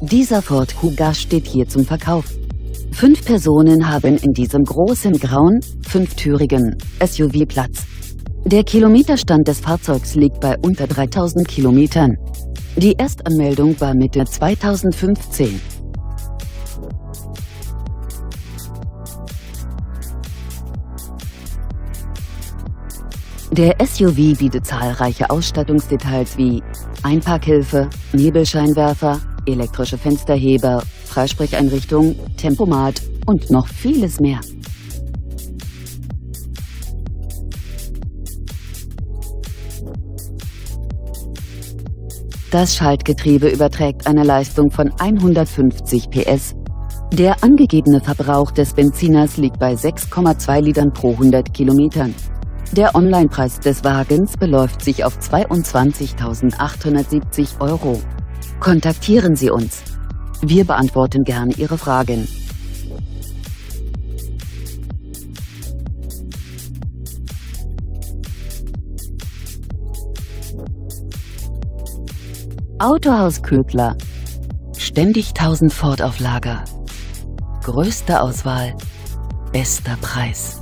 Dieser Ford Kuga steht hier zum Verkauf. Fünf Personen haben in diesem großen grauen, fünftürigen SUV Platz. Der Kilometerstand des Fahrzeugs liegt bei unter 3000 Kilometern. Die Erstanmeldung war Mitte 2015. Der SUV bietet zahlreiche Ausstattungsdetails wie Einparkhilfe, Nebelscheinwerfer, elektrische Fensterheber, Freisprecheinrichtung, Tempomat und noch vieles mehr. Das Schaltgetriebe überträgt eine Leistung von 150 PS. Der angegebene Verbrauch des Benziners liegt bei 6,2 Litern pro 100 Kilometern. Der Onlinepreis des Wagens beläuft sich auf 22.870 Euro. Kontaktieren Sie uns. Wir beantworten gerne Ihre Fragen. Autohaus Köbler. Ständig 1000 Ford auf Lager. Größte Auswahl, bester Preis.